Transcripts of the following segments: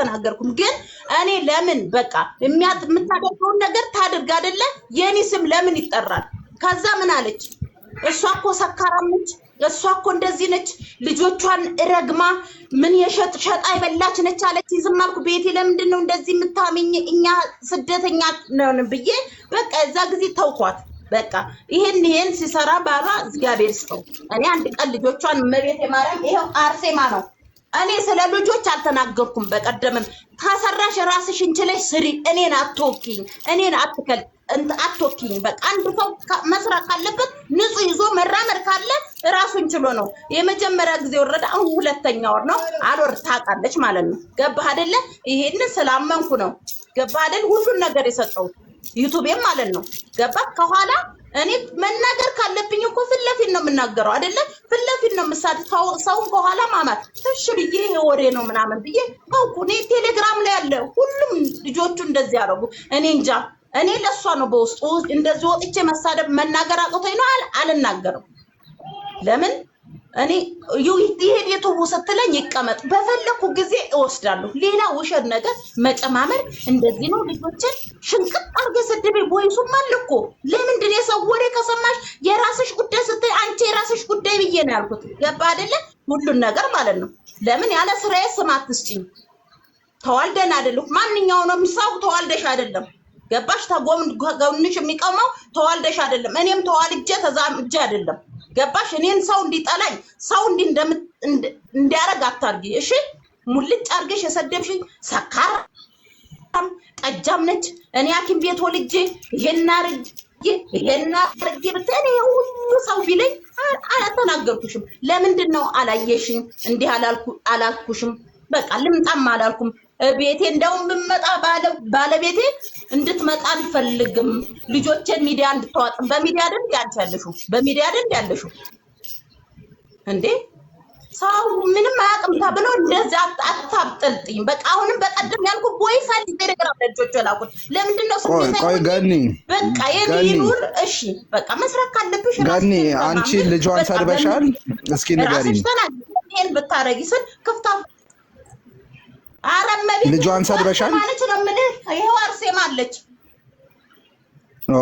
አልተናገርኩም። ግን እኔ ለምን በቃ የምታደርገውን ነገር ታድርግ አይደለ? የእኔ ስም ለምን ይጠራል? ከዛ ምን አለች? እሷ እኮ ሰካራም ነች፣ እሷ እኮ እንደዚህ ነች፣ ልጆቿን ረግማ ምን የሸጥ ሸጣ የበላች ነች አለች። ዝም አልኩ። ቤቴ ለምንድን ነው እንደዚህ የምታመኝ? እኛ ስደተኛ ነን ብዬ በቃ እዛ ጊዜ ተውኳት። በቃ ይሄን ይሄን ሲሰራ ባሏ እግዚአብሔር ስጠው። እኔ አንድ ቀን ልጆቿን መቤት የማርያም ይኸው አርሴማ ነው እኔ ስለ ልጆች አልተናገርኩም። በቀደምም ታሰራሽ ራስሽ እንችለሽ ስሪ። እኔን አትወኪኝ፣ እኔን አትከል አትወኪኝ። በቃ አንድ ሰው መስራት ካለበት ንጹህ ይዞ መራመድ ካለ ራሱን ችሎ ነው። የመጀመሪያ ጊዜ ወረደ፣ አሁን ሁለተኛ ወር ነው። አልወር ታውቃለች ማለት ነው። ገባህ አይደለ? ይሄን ስላመንኩ ነው። ገባህ አይደል? ሁሉን ነገር የሰጠው ዩቱቤም ማለት ነው። ገባህ ከኋላ እኔ መናገር ካለብኝ እኮ ፊት ለፊት ነው የምናገረው አይደለ? ፊት ለፊት ነው የምሳድ ሰውን በኋላ ማማት እሺ ብዬ ይሄ ወሬ ነው ምናምን ብዬ አውቁ። እኔ ቴሌግራም ላይ ያለ ሁሉም ልጆቹ እንደዚህ ያደረጉ እኔ እንጃ። እኔ ለእሷ ነው በውስጡ እንደዚህ ወጥቼ መሳደብ መናገር አቅቶኝ ነው አልናገርም። ለምን እኔ ይሄን የቱቡ ስትለኝ ይቀመጥ በፈለኩ ጊዜ እወስዳለሁ። ሌላ ውሸት ነገር መጨማመር እንደዚህ ነው። ልጆችን ሽንቅጥ አርገ ስድቤ ቦይሱም አለ እኮ ለምንድን የሰው ወሬ ከሰማሽ የራስሽ ጉዳይ ስትይ አንቺ የራስሽ ጉዳይ ብዬ ነው ያልኩት። ገባ አደለ? ሁሉን ነገር ማለት ነው። ለምን ያለ ስራዬ ስም አትስጭኝ። ተዋልደን ማንኛው ነው ሰው ተዋልደሽ አይደለም ገባሽ? ተጎንሽ የሚቀመው ተዋልደሽ አደለም። እኔም ተዋልጄ ተዛምጄ አደለም ገባሽ? እኔን ሰው እንዲጠላኝ ሰው እንዲያረግ አታርጊ። እሺ፣ ሙልጭ አርገሽ የሰደብሽኝ ሰካር ጠጃም ነች። እኔ ሐኪም ቤት ወልጄ ይሄን አርግ ይሄን አርግ ብታይ እኔ ሁሉ ሰው ቢለኝ አላተናገርኩሽም። ለምንድን ነው አላየሽኝ? እንዲህ አላልኩሽም። በቃ ልምጣም አላልኩም። ቤቴ እንደውም የምመጣ ባለቤቴ እንድትመጣ አልፈልግም። ልጆቼን ሚዲያ እንድታወጥ በሚዲያ ደን ያልቻለሹ በሚዲያ ደን ያለሹ እንዴ ሰው ምንም አያውቅም ተብሎ እንደዚያ አታብጠልጥኝ። በቃ አሁንም በቀደም ያልኩ ቦይ ፈልጌ ቴሌግራም አለ ልጆች ላኩት። ለምንድን ነው በቃ የሚኑር እሺ፣ በቃ መስራት ካለብሽ ጋኒ፣ አንቺ ልጇን ሰድበሻል። እስኪ ንገሪኝ ይሄን ብታረጊ ስል ክፍታ ልጇን ሰድበሻል ማለት ነው የምልህ። ይኸው አርሴማ አለች።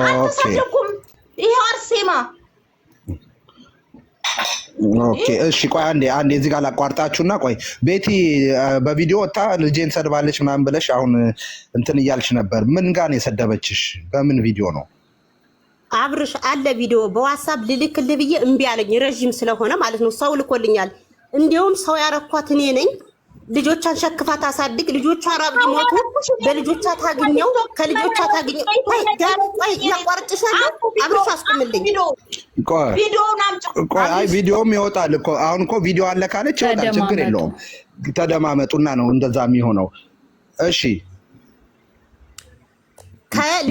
አልተሳደኩም። ይኸው አርሴማ ኦኬ እሺ፣ ቆይ አንዴ አንዴ እዚህ ጋር ላቋርጣችሁና፣ ቆይ ቤቲ በቪዲዮ ወጣ ልጄን ሰድባለች ምናምን ብለሽ አሁን እንትን እያልሽ ነበር። ምን ጋር ነው የሰደበችሽ? በምን ቪዲዮ ነው? አብርሽ አለ ቪዲዮ በዋትሳፕ ልልክልህ ብዬ እምቢ አለኝ፣ ረዥም ስለሆነ ማለት ነው። ሰው ልኮልኛል። እንዲሁም ሰው ያረኳት እኔ ነኝ ልጆቿን ሸክፋ ታሳድግ። ልጆቿ ራብ ሊሞቱ በልጆቿ ታግኘው ከልጆቿ ታግኘው። ቆይ ጋር ቆይ እያቋርጭሻለሁ። አብርሽ አስቁምልኝ። ቆይ ቪዲዮም ይወጣል እኮ አሁን እኮ ቪዲዮ አለ ካለች ይወጣል። ችግር የለውም። ተደማመጡና ነው እንደዛ የሚሆነው። እሺ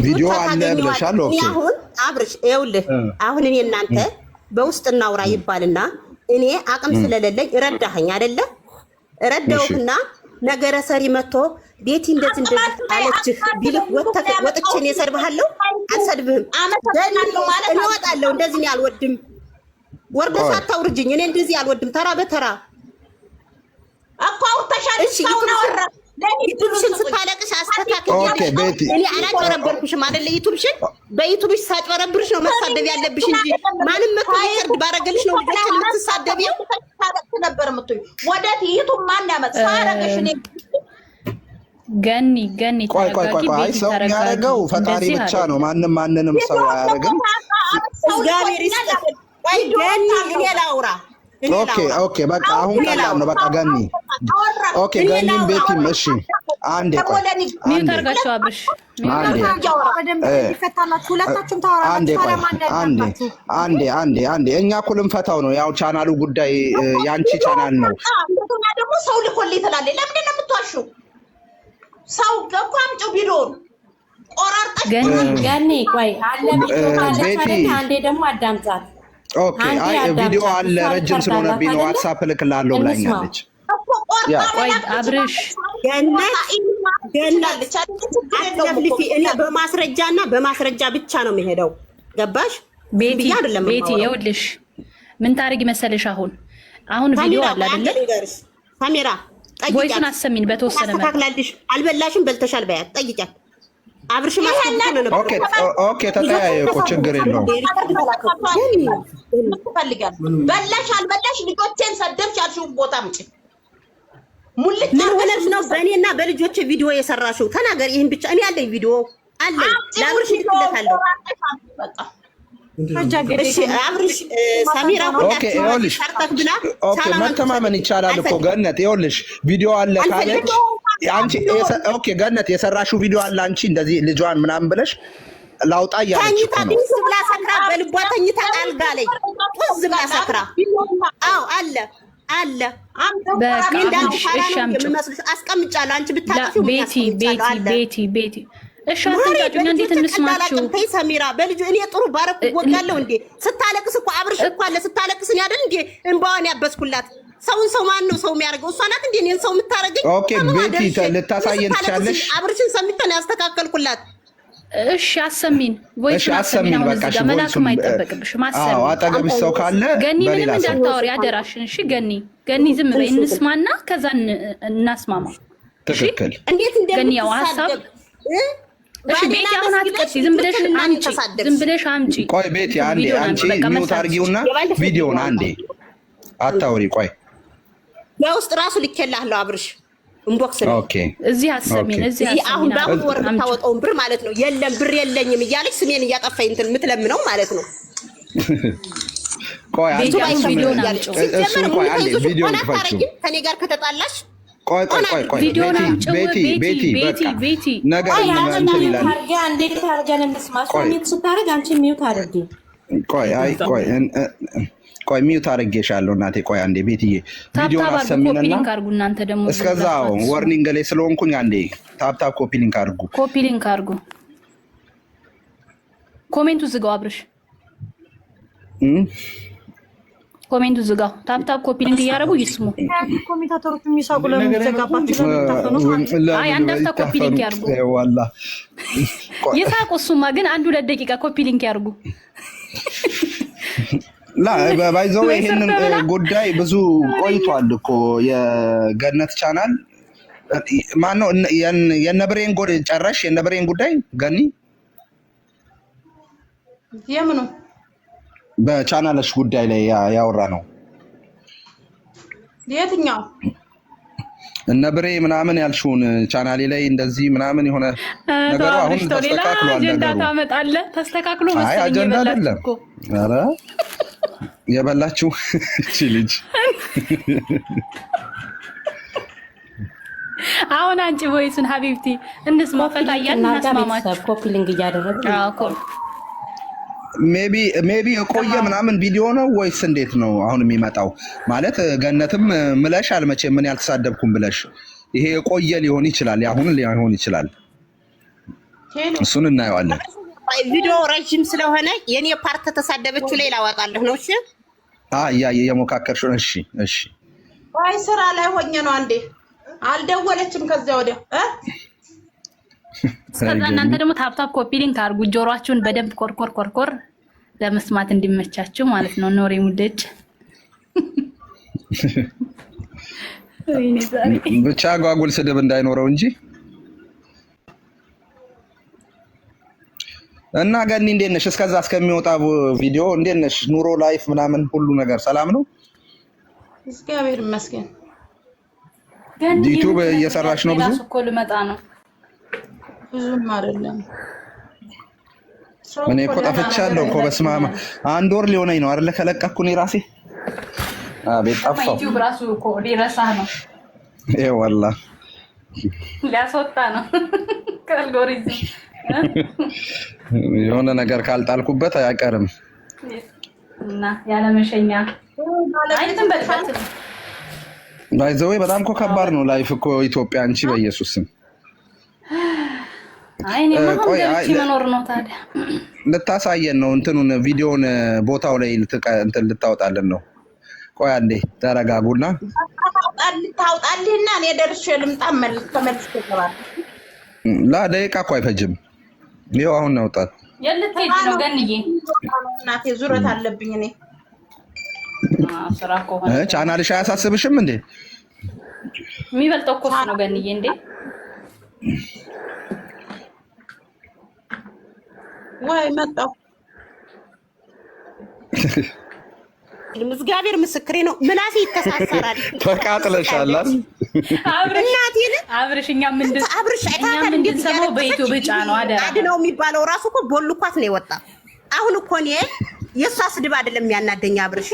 ቪዲዮ አለ ብለሻል። አሁን አብርሽ ይኸውልህ፣ አሁን እኔ እናንተ በውስጥ እናውራ ይባልና እኔ አቅም ስለሌለኝ ረዳኸኝ አይደለም ረዳውና ነገረ ሰሪ መጥቶ ቤቲ እንደት እንደት አለችህ ቢልህ ወጥቼ ነው የሰድብሃለሁ። አልሰድብህም፣ እወጣለሁ። እንደዚህ ነው አልወድም። ወርደሽ አታውርጅኝ። እኔ እንደዚህ አልወድም። ተራ በተራ እኮ አውርተሻል። ዩቱብሽን ስታለቅሽ አስተካክል። እኔ አላጨረበርኩሽም አይደለ? ዩቱብሽን በዩቱብሽ ሳጨረብርሽ ነው መሳደብ ያለብሽ እንጂ ማንም መቶ ይቅርድ ባረገልሽ ነው ልጆችን የምትሳደቢው ነበር የምትዩ ወደት ይቱ ማን ያመጥ ሳረገሽ እኔ ገኒ ገኒ ቆይ ቆይ ቆይ ቆይ ሰው የሚያደርገው ፈጣሪ ብቻ ነው። ማንም ማንንም ሰው አያደርግም። እግዚአብሔር ይስጥ። ገኒ እኔ ላውራ ኦኬ ኦኬ በቃ አሁን ቀላል ነው። በቃ ገኒ ኦኬ፣ ገኒም ቤቲም እሺ፣ አንዴ ቆይ፣ አንዴ አንዴ አንዴ እኛ እኮ ልንፈታው ነው። ያው ቻናሉ ጉዳይ የአንቺ ቻናል ነው። ደግሞ ሰው ልኮልኝ ትላለች። ለምንድን ነው የምትዋሺው? ሰው እኮ አምጪው ቆራርጠሽ ገኒ፣ ቆይ አለ ቤቲ አንዴ ደግሞ አዳምጣት ኦኬ አይ ቪዲዮ አለ ረጅም ስለሆነብኝ ነው። ዋትሳፕ እልክልሃለሁ ብላኛለች። እኔ በማስረጃ እና በማስረጃ ብቻ ነው የሚሄደው። ገባሽ ቤቲ? ቤቲ ይኸውልሽ ምን ታደርጊ መሰለሽ አሁን አሁን ቪዲዮ አለ አይደለ? ካሜራ ጠይቂያት፣ ወይሱን አሰሚን በተወሰነ መልኩ አልበላሽም በልተሻል በያት ጠይቂያት አብርሽ ኦኬ፣ ተጠያየ እኮ ችግር የለውም። በላሽ አልበላሽ ልጆቼን ሰደብሽ ያልሽውን ቦታ ምጭ ምን ሆነሽ ነው በእኔና በልጆቼ ቪዲዮ የሰራሽው? ተናገር። ይህን ብቻ እኔ አለኝ፣ ቪዲዮ አለኝ። ለአብርሽ ልክለታለሁ። አብርሽ ሰሚራ ሁላ መተማመን ይቻላል እኮ ገነት። ይኸውልሽ ቪዲዮ አለ ካለች አንቺ ኦኬ ገነት የሰራሽው ቪዲዮ አለ። አንቺ እንደዚህ ልጇን ምናምን ብለሽ ላውጣ እያለች ተኝታ ብላ ሰክራ በልቧ ተኝታ አልጋ ላይ ጡዝ ብላ ሰክራ። አዎ አለ አለ አስቀምጫለሁ። አንቺ ተይ ሰሚራ በልጁ እኔ ጥሩ ባረኩ ወጋለሁ እንዴ ስታለቅስ እኮ አብርሽ እኮ አለ ስታለቅስ እኔ አይደል እንዴ እንባዋን ያበስኩላት ሰውን ሰው ማን ነው ሰው የሚያደርገው? እሷ ናት እንዴ እኔን ሰው የምታደርገኝ? ኦኬ ቤቲ ልታሳየን ትችላለሽ። አብርሽን ሰምተን ያስተካከልኩላት። እሺ አሰሚን ወይ አሰሚን። በቃ እሺ መላክም አይጠበቅብሽም። አዎ አጠገብሽ ሰው ካለ ገኒ፣ ምንም እንዳታወሪ አደራሽን። እሺ ገኒ፣ ገኒ ዝም በይ እንስማና ከዛ እናስማማ። ትክክል። እንዴት ገኒ፣ ያው ሀሳብ እሺ ቤቲ፣ አሁን አትቀጥይ። ዝም ብለሽ አምጪ፣ ዝም ብለሽ አምጪ። ቆይ ቤቲ አንዴ አንቺ ሚውት አድርጊውና ቪዲዮውን አንዴ አታውሪ። ቆይ በውስጥ ራሱ ልኬልሃለሁ አብርሽ እንቦክስ እዚህ አሰሚን እዚህ አሁን ወር የምታወጣውን ብር ማለት ነው። የለም ብር የለኝም እያለች ስሜን እያጠፋኝ እንትን የምትለምነው ማለት ነው። ቆይ ጋር ከተጣላሽ ቤቲ ቤቲ ቤቲ ቆይ አይ ቆይ ቆይ ሚዩት አድርጌሻለሁ እናቴ። ቆይ አንዴ ቤትዬ ቪዲዮን አሰሚንና እስከዛ ወርኒንግ ላይ ስለሆንኩኝ አንዴ ታፕታፕ ኮፒ ሊንክ አድርጉ፣ ኮፒ ሊንክ አድርጉ። ኮሜንቱ ዝጋው፣ አብርሽ ኮሜንቱ ዝጋው። ታፕታፕ ኮፒ ሊንክ እያደረጉ ይስሙ። ኮሜንታተሮች የሚሳቁ ለሚዘጋባቸው አንዳፍታ ኮፒ ሊንክ ያርጉ፣ ይሳቁ። እሱማ ግን አንድ ሁለት ደቂቃ ኮፒ ሊንክ ያርጉ። ባይዘው ይህን ጉዳይ ብዙ ቆይቷል እኮ የገነት ቻናል ማነው? የነብሬን ጨረሽ? የነብሬን ጉዳይ ገኒ የምኑ በቻናለሽ ጉዳይ ላይ ያወራ ነው የትኛው እነ ብሬ ምናምን ያልሽውን ቻናሌ ላይ እንደዚህ ምናምን የሆነ ነገሩ አሁን ተስተካክሏል። ተስተካክሎ መሰለኝ አጀንዳ አይደለም። ኧረ የበላችሁ እቺ ልጅ አሁን አንቺ ቮይሱን ሀቢብቲ እንስማ። ፈታ እያልን እናስማማችሁ ኮፒ ሊንክ እያደረግን ሜቢ የቆየ ምናምን ቪዲዮ ነው ወይስ እንዴት ነው አሁን የሚመጣው? ማለት ገነትም ምለሽ አልመቼ ምን ያልተሳደብኩም ብለሽ ይሄ የቆየ ሊሆን ይችላል፣ አሁን ሊሆን ይችላል። እሱን እናየዋለን። ቪዲዮ ረዥም ስለሆነ የኔ ፓርት ተሳደበችው ላይ ላወጣለሁ ነው። እሺ፣ እየሞካከርሽ ነው። እሺ፣ እሺ። ስራ ላይ ሆኜ ነው። አንዴ አልደወለችም ከዚያ ወዲያ እስከዛ እናንተ ደግሞ ታፕታፕ ኮፒ ሊንክ አድርጉ። ጆሯችሁን በደንብ ኮርኮር ኮርኮር ለመስማት እንዲመቻችሁ ማለት ነው። ኖሬ ሙደጅ ብቻ ጓጉል ስድብ እንዳይኖረው እንጂ እና ገኒ እንዴት ነሽ? እስከዛ እስከሚወጣ ቪዲዮ እንዴት ነሽ? ኑሮ ላይፍ ምናምን ሁሉ ነገር ሰላም ነው? እግዚአብሔር ይመስገን። ዩቲዩብ እየሰራሽ ነው? ብዙ እኮ ልመጣ ነው ብዙም አይደለም። እኔ እኮ ጠፍቻለሁ እኮ በስመ አብ አንድ ወር ሊሆነኝ ነው አይደለ? ከለቀኩ እኔ ራሴ አቤት ጠፋሁ። ዩቲዩብ ራሱ እኮ ሊረሳህ ነው። ይሄ ወላ ሊያስወጣ ነው ከአልጎሪዝም የሆነ ነገር ካልጣልኩበት አያቀርም እና ያለመሸኛ ባይዘዌ በጣም እኮ ከባድ ነው ላይፍ እኮ ኢትዮጵያ። አንቺ በኢየሱስም ልታሳየን ነው እንትኑን ቪዲዮን ቦታው ላይ ልታወጣልን ነው። ቆይ አንዴ ተረጋጉና ልታውጣልህና እኔ ደርሼ ልምጣ። ተመልስ እኮ አይፈጅም። ይኸው አሁን የልትሄጂ ነው ገንዬ? እናቴ ዙረት አለብኝ እኔ ቻናልሽ አያሳስብሽም እንዴ? የሚበልጠው እኮ ነው ገንዬ እንዴ ወይ መጣሁ። እግዚአብሔር ምስክሬ ነው። ምናሴ ይተሳሰራል። ተቃጥለሻል። አብርሽ በኢትዮ ብጫ ነው አድነው የሚባለው ራሱ እኮ ቦልኳት ነው የወጣ አሁን እኮ እኔ የእሷ ስድብ አይደለም ያናደኝ አብርሽ፣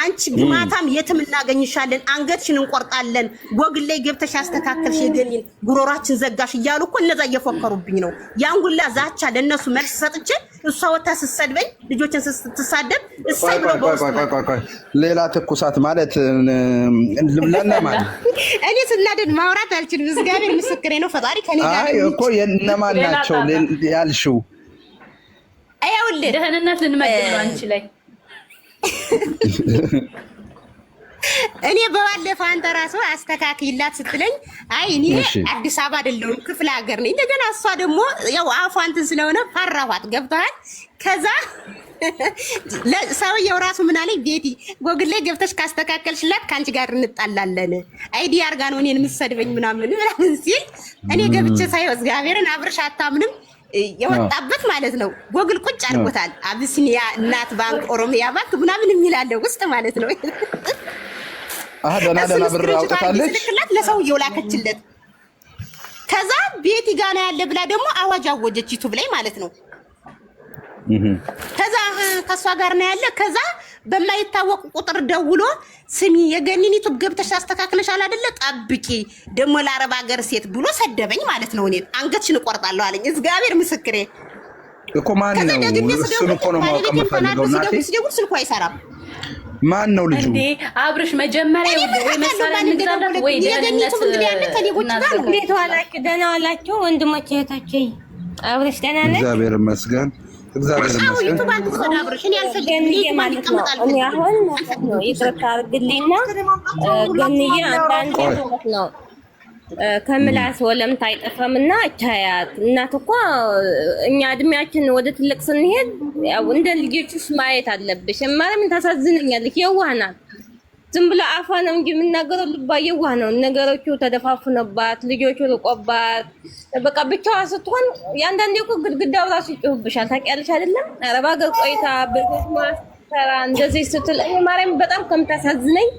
አንቺ ግማታም የትም እናገኝሻለን፣ አንገትሽን እንቆርጣለን፣ ጎግል ላይ ገብተሽ ያስተካከልሽ የገሊን ጉሮሯችን ዘጋሽ እያሉ እኮ እነዛ እየፎከሩብኝ ነው። ያንጉላ ዛቻ ለእነሱ መልስ ሰጥቼ እሷ ወታ ስትሰድበኝ ልጆችን ስትሳደብ እሳይ ብለው ሌላ ትኩሳት ማለት ለነማን እኔ ስናደድ ማውራት አልችልም። እግዚአብሔር ምስክሬ ነው። ፈጣሪ ከኔ ጋር እኮ የነማን ናቸው ያልሽው ይኸውልህ ደህንነት ልንመግብ ነው አንቺ ላይ እኔ በባለፈው አንተ ራስህ አስተካክይላት ስትለኝ አይ እኔ አዲስ አበባ አይደለሁም ክፍለ ሀገር ነኝ። እንደገና እሷ ደግሞ ያው አፏ እንትን ስለሆነ ፈራኋት። ገብተሃል? ከዛ ሰውየው ራሱ ምን አለኝ፣ ቤቲ ጎግል ላይ ገብተሽ ካስተካከልሽላት ከአንቺ ጋር እንጣላለን። አይዲ አርጋ ነው እኔን የምትሰድበኝ ምናምን ምናምን ሲል እኔ ገብቼ ሳይሆን እግዚአብሔርን አብርሽ አታምንም የወጣበት ማለት ነው። ጎግል ቁጭ አድርጎታል። አብስኒያ እናት ባንክ፣ ኦሮሚያ ባንክ ምናምን የሚላለው ውስጥ ማለት ነው። ደህና ደህና ብር አውጥታለች ለሰውየው ላከችለት። ከዛ ቤቲ ጋና ያለ ብላ ደግሞ አዋጅ አወጀች ዩቱብ ላይ ማለት ነው። ከዛ ከእሷ ጋር ነው ያለ ከዛ በማይታወቅ ቁጥር ደውሎ ስሚ የገኒኒቱ ገብተሽ አስተካክለሻል አይደለ? ጠብቂ ደግሞ ለአረብ ሀገር ሴት ብሎ ሰደበኝ ማለት ነው። እኔን አንገትሽን እቆርጣለሁ አለኝ። እግዚአብሔር ምስክሬ እኮ ማን ነው? እሱን እኮ ነው ማወቅ የምፈልገው እናቴ። ስደውል ስልኩ አይሰራም። ማን ነው ልጁ? አብርሽ መጀመሪያ ደህና ዋላችሁ ወንድሞች እህቶቼ። አብርሽ ደህና ነህ? እግዚአብሔር ይመስገን። ከምላስ ወለምታ አይጠፋም እና አቻያት እናት እኮ እኛ እድሜያችን ወደ ትልቅ ስንሄድ ያው እንደ ልጆችሽ ማየት አለብሽ። ማርያምን ታሳዝነኛለች፣ የዋህ ናት። ዝም ብላ አፋ ነው እንጂ የምናገረው ልባ የዋህ ነው። ነገሮቹ ተደፋፍነባት፣ ልጆቹ ርቆባት፣ በቃ ብቻዋ ስትሆን የአንዳንዴ እኮ ግድግዳው ራሱ ይጮህብሻል። ታውቂያለሽ አይደለም? አረብ ሀገር ቆይታ በማ ሰራ እንደዚህ ስትል ማርያም በጣም ከምታሳዝነኝ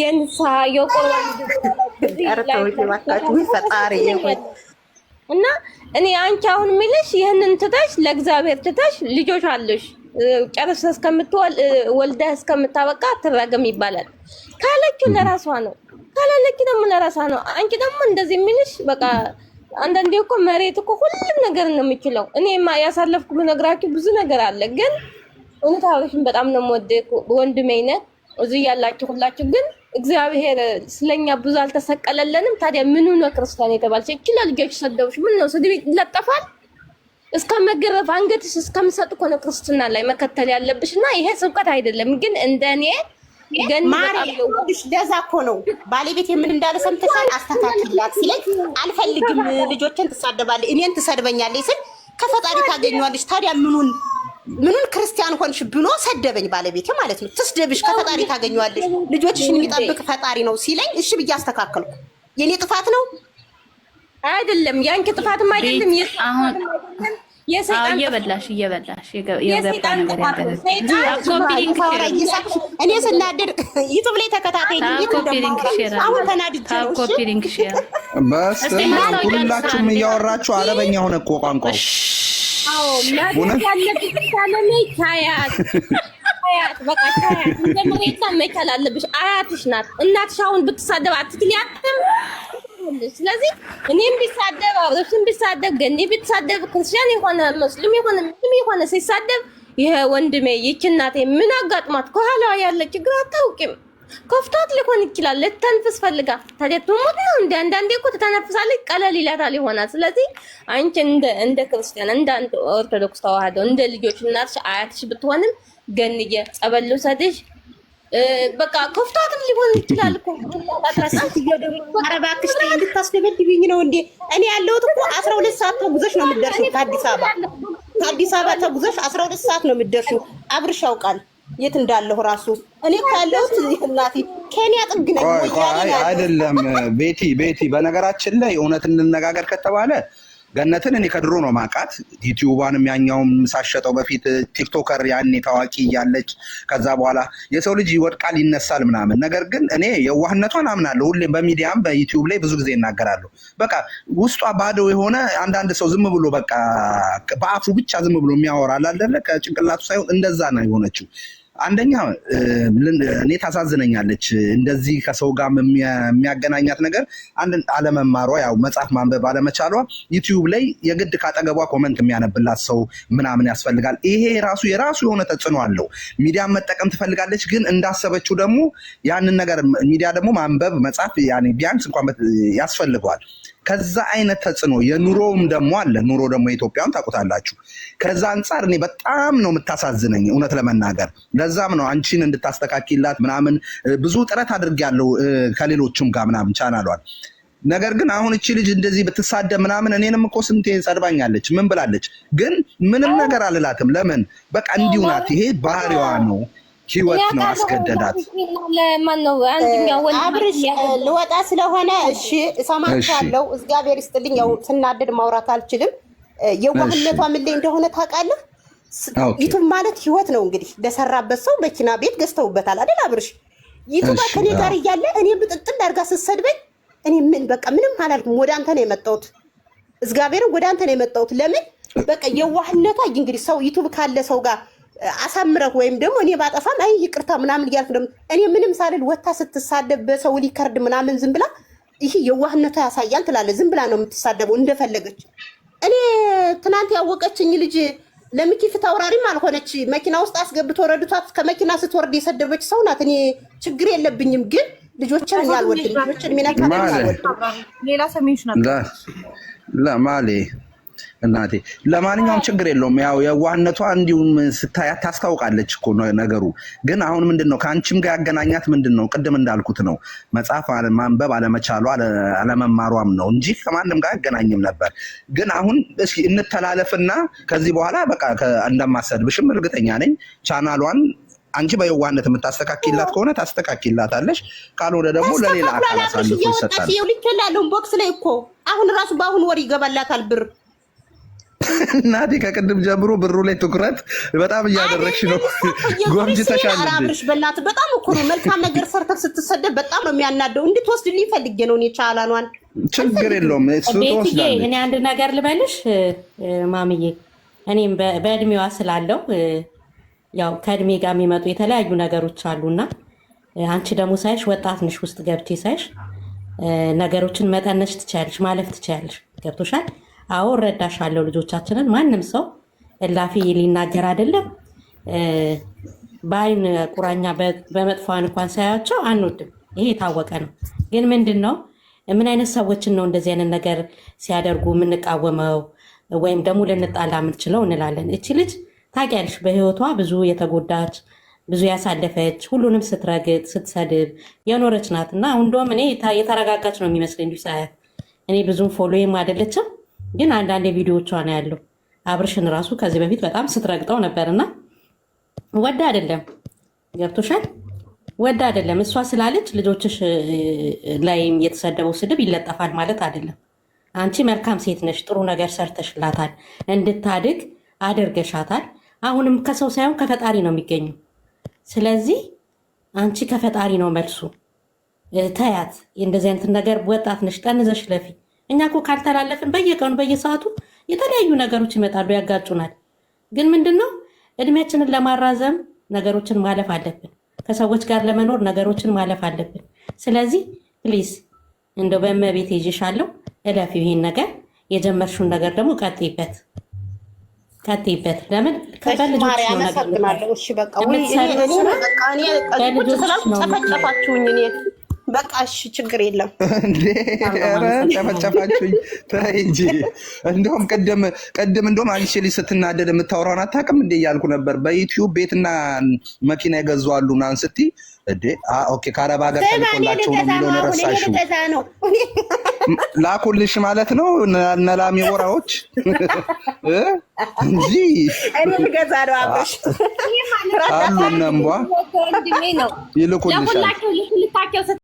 የንሳ የቆርባ እና እኔ አንቺ አሁን የሚልሽ ይህንን ትተሽ ለእግዚአብሔር ትተሽ ልጆች አለሽ ጨርስ እስከምትወል ወልደህ እስከምታበቃ ትረግም ይባላል። ካለችው ለራሷ ነው፣ ካላለች ደግሞ ለራሷ ነው። አንቺ ደግሞ እንደዚህ የሚልሽ በቃ አንዳንዴ እኮ መሬት እኮ ሁሉም ነገር ነው የምችለው። እኔማ ያሳለፍኩ ብነግራችሁ ብዙ ነገር አለ፣ ግን እውነት አብረሽን በጣም ነው የምወደው ወንድሜ ነህ። እዚህ ያላችሁ ሁላችሁ ግን እግዚአብሔር ስለኛ ብዙ አልተሰቀለለንም። ታዲያ ምኑ ነው ክርስቲያን የተባልሽ? ይችላል ለልጆች ሰደቡሽ። ምን ነው ስድብ ይለጠፋል? እስከ መገረፍ አንገትሽ እስከምሰጥ እኮ ነው ክርስትና ላይ መከተል ያለብሽ። እና ይሄ ስብከት አይደለም ግን እንደኔ ማሪሽ ደዛ እኮ ነው ባለቤት የምን እንዳለ ሰምተሻል? አስተካክላት ሲለኝ አልፈልግም፣ ልጆችን ትሳደባለ፣ እኔን ትሰድበኛለች ስል ከፈጣሪ ታገኘዋለች። ታዲያ ምኑን ምኑን ክርስቲያን ሆንሽ ብሎ ሰደበኝ ባለቤቴ ማለት ነው። ትስደብሽ፣ ከፈጣሪ ታገኘዋለች። ልጆችሽን የሚጠብቅ ፈጣሪ ነው ሲለኝ እሺ ብዬ አስተካከልኩ። የእኔ ጥፋት ነው አይደለም ያንቺ ጥፋትም አይደለም አሁን እየበላሽ እየበላሽ የሰይጣን ጥፋት እኔ ስናድር ዩቱብ ላይ ተከታታይ አሁን ሁላችሁም እያወራችሁ አረበኛ ሆነ እኮ ቋንቋው አያት በቃ መቻል አለብሽ። አያትሽ ናት እናትሽ። አሁን ብትሳደብ አትክልያትም ይሁንልሽ። ስለዚህ እኔም ቢሳደብ አብረሽም ቢሳደብ ገኔ ቢሳደብ ክርስቲያን የሆነ ሙስሊም የሆነ ምንም የሆነ ሲሳደብ ይሄ ወንድሜ ይች እናቴ ምን አጋጥሟት ከኋላዋ ያለ ችግር አታውቂም። ከፍቷት ሊሆን ይችላል። ልተንፍስ ፈልጋ ታዲያ ነው። እንደ አንዳንዴ እኮ ትተነፍሳለች፣ ቀለል ይላታል ይሆናል። ስለዚህ አንቺ እንደ ክርስቲያን እንደ አንድ ኦርቶዶክስ ተዋህዶ እንደ ልጆች እናትሽ አያትሽ ብትሆንም ገንዬ ጸበል ልውሰድሽ በቃ ኮፍታትም ሊሆን ይችላል እኮ ኧረ እባክሽ ተይ እንድታስደበድብኝ ነው እንዴ እኔ ያለሁት እኮ አስራ ሁለት ሰዓት ተጉዘሽ ነው የምትደርሺው ከአዲስ አበባ ከአዲስ አበባ ተጉዘሽ አስራ ሁለት ሰዓት ነው የምትደርሺው አብርሽ ያውቃል የት እንዳለሁ ራሱ እኔ ካለሁት እናቴ ኬንያ ጥግ ነኝ አይደለም ቤቲ ቤቲ በነገራችን ላይ እውነት እንነጋገር ከተባለ ገነትን እኔ ከድሮ ነው ማቃት። ዩቲዩባንም ያኛውም ሳሸጠው በፊት ቲክቶከር ያኔ ታዋቂ እያለች ከዛ በኋላ የሰው ልጅ ይወድቃል ይነሳል ምናምን። ነገር ግን እኔ የዋህነቷን አምናለሁ። ሁሌም በሚዲያም በዩቲዩብ ላይ ብዙ ጊዜ ይናገራሉ። በቃ ውስጧ ባዶ የሆነ አንዳንድ ሰው ዝም ብሎ በቃ በአፉ ብቻ ዝም ብሎ የሚያወራ አለ ከጭንቅላቱ ሳይሆን እንደዛ ነው የሆነችው። አንደኛ እኔ ታሳዝነኛለች። እንደዚህ ከሰው ጋር የሚያገናኛት ነገር አንድ አለመማሯ፣ ያው መጽሐፍ ማንበብ አለመቻሏ፣ ዩቲዩብ ላይ የግድ ካጠገቧ ኮመንት የሚያነብላት ሰው ምናምን ያስፈልጋል። ይሄ ራሱ የራሱ የሆነ ተጽዕኖ አለው። ሚዲያን መጠቀም ትፈልጋለች፣ ግን እንዳሰበችው ደግሞ ያንን ነገር ሚዲያ ደግሞ ማንበብ መጽሐፍ ቢያንስ እንኳን ያስፈልገዋል። ከዛ አይነት ተጽዕኖ የኑሮውም ደግሞ አለ። ኑሮ ደግሞ ኢትዮጵያን ታውቁታላችሁ። ከዛ አንጻር እኔ በጣም ነው የምታሳዝነኝ እውነት ለመናገር ለዛም ነው አንቺን እንድታስተካኪላት ምናምን ብዙ ጥረት አድርጌያለሁ ከሌሎችም ጋር ምናምን ቻናሏል። ነገር ግን አሁን እቺ ልጅ እንደዚህ ብትሳደብ ምናምን እኔንም እኮ ስንቴ ጸድባኛለች። ምን ብላለች? ግን ምንም ነገር አልላትም። ለምን በቃ እንዲሁ ናት። ይሄ ባህሪዋ ነው። ህይወት ነው አስገደዳት። አብርሽ ልወጣ ስለሆነ እሺ እሰማታለሁ። እግዚአብሔር ይስጥልኝ። ያው ስናድድ ማውራት አልችልም። የዋህነቷ ምን ላይ እንደሆነ ታውቃለህ። ዩቱብ ማለት ህይወት ነው። እንግዲህ ለሰራበት ሰው መኪና ቤት ገዝተውበታል አይደል? አብርሽ ዩቱባ ከኔ ጋር እያለ እኔ ብጥጥል አድርጋ ስትሰድበኝ እኔ ምን በቃ ምንም አላልኩም። ወደ አንተ ነው የመጣሁት። እግዚአብሔርን ወደ አንተ ነው የመጣሁት። ለምን በቃ የዋህነቷ እንግዲህ ሰው ዩቱብ ካለ ሰው ጋር አሳምረህ ወይም ደግሞ እኔ ባጠፋም አይ ይቅርታ ምናምን እያልክ ደግሞ እኔ ምንም ሳልል ወታ ስትሳደብ በሰው ሊከርድ ምናምን ዝም ብላ ይሄ የዋህነቷ ያሳያል ትላለህ። ዝም ብላ ነው የምትሳደበው እንደፈለገች። እኔ ትናንት ያወቀችኝ ልጅ ለሚኪ ፊት አውራሪም አልሆነች መኪና ውስጥ አስገብቶ ረድቷት ከመኪና ስትወርድ የሰደበች ሰው ናት። እኔ ችግር የለብኝም ግን ልጆችን አልወድም። ልጆችን ሚነካ ሌላ ሰሚዎች ናት ላ እናቴ ለማንኛውም ችግር የለውም። ያው የዋህነቷ እንዲሁም ስታያት ታስታውቃለች እኮ ነገሩ። ግን አሁን ምንድን ነው ከአንቺም ጋር ያገናኛት ምንድን ነው? ቅድም እንዳልኩት ነው መጽሐፍ ማንበብ አለመቻሏ አለመማሯም ነው እንጂ ከማንም ጋር ያገናኝም ነበር። ግን አሁን እስኪ እንተላለፍና ከዚህ በኋላ በቃ እንደማሰድብሽም እርግጠኛ ነኝ። ቻናሏን አንቺ በየዋህነት የምታስተካኪላት ከሆነ ታስተካኪላታለሽ፣ ካልሆነ ደግሞ ለሌላ አካል አሳልፎ ይሰጣል። ልክ ቦክስ ላይ እኮ አሁን ራሱ በአሁን ወር ይገባላታል ብር እናቴ ከቅድም ጀምሮ ብሩ ላይ ትኩረት በጣም እያደረግሽ ነው። ጎምጅተሻል። አብርሽ በላት በጣም እኮ ነው መልካም ነገር ሰርተህ ስትሰደብ በጣም ነው የሚያናደው። እንድትወስድልኝ ፈልጌ ነው እኔ ቻላኗን። ችግር የለውም ቤትዬ። እኔ አንድ ነገር ልበልሽ ማምዬ፣ እኔም በእድሜዋ ስላለው ያው ከእድሜ ጋር የሚመጡ የተለያዩ ነገሮች አሉና አንቺ ደግሞ ሳይሽ ወጣት ነሽ። ውስጥ ገብቼ ሳይሽ ነገሮችን መጠነሽ ትችያለሽ፣ ማለፍ ትችያለሽ። ገብቶሻል አዎ እረዳሻለሁ። ልጆቻችንን ማንም ሰው እላፊ ሊናገር አይደለም። በአይን ቁራኛ በመጥፎን እንኳን ሳያቸው አንወድም። ይሄ የታወቀ ነው። ግን ምንድን ነው ምን አይነት ሰዎችን ነው እንደዚህ አይነት ነገር ሲያደርጉ የምንቃወመው ወይም ደግሞ ልንጣላ የምንችለው እንላለን። እቺ ልጅ ታውቂያለሽ፣ በህይወቷ ብዙ የተጎዳች ብዙ ያሳለፈች ሁሉንም ስትረግጥ ስትሰድብ የኖረች ናት እና እንደውም እኔ የተረጋጋች ነው የሚመስለኝ ሳያት እኔ ብዙም ፎሎዬም አይደለችም ግን አንዳንድ የቪዲዮቿ ነው ያለው። አብርሽን ራሱ ከዚህ በፊት በጣም ስትረግጠው ነበር እና ወዳ አይደለም ገብቶሻል። ወዳ አይደለም እሷ ስላለች ልጆችሽ ላይም የተሰደበው ስድብ ይለጠፋል ማለት አይደለም። አንቺ መልካም ሴት ነሽ፣ ጥሩ ነገር ሰርተሽላታል፣ እንድታድግ አድርገሻታል። አሁንም ከሰው ሳይሆን ከፈጣሪ ነው የሚገኘው። ስለዚህ አንቺ ከፈጣሪ ነው መልሱ። ተያት። እንደዚህ አይነት ነገር ወጣት ነሽ፣ ጠንዘሽ ለፊት እኛ እኮ ካልተላለፍን በየቀኑ በየሰዓቱ የተለያዩ ነገሮች ይመጣሉ፣ ያጋጩናል። ግን ምንድን ነው እድሜያችንን ለማራዘም ነገሮችን ማለፍ አለብን። ከሰዎች ጋር ለመኖር ነገሮችን ማለፍ አለብን። ስለዚህ ፕሊዝ እንደ በመቤት ይዤሻለሁ፣ እለፊው ይሄን ነገር የጀመርሽውን ነገር ደግሞ ቀጥይበት ቀጥይበት። ለምን ከበልጆች ነው ነገር ነው። በቃ እሺ፣ ችግር የለም። ኧረ ተመጨፋችሁኝ፣ ተይ እንጂ። እንደውም ቅድም ቅድም እንደውም አንቺ ልጅ ስትናደድ የምታወራውን አታውቅም እንዴ እያልኩ ነበር። በዩትዩብ ቤትና መኪና የገዙ አሉ ምናምን ስትይ እንዴ ኦኬ፣ ከአረብ ሀገር ተልኮላቸው ነው የሚለውን ረሳሽው። ላኩልሽ ማለት ነው ነላሚ ወራዎች እንጂ ገዛ ነው አብረሽ አሉ እነ እምቧ ይልኩልሻል።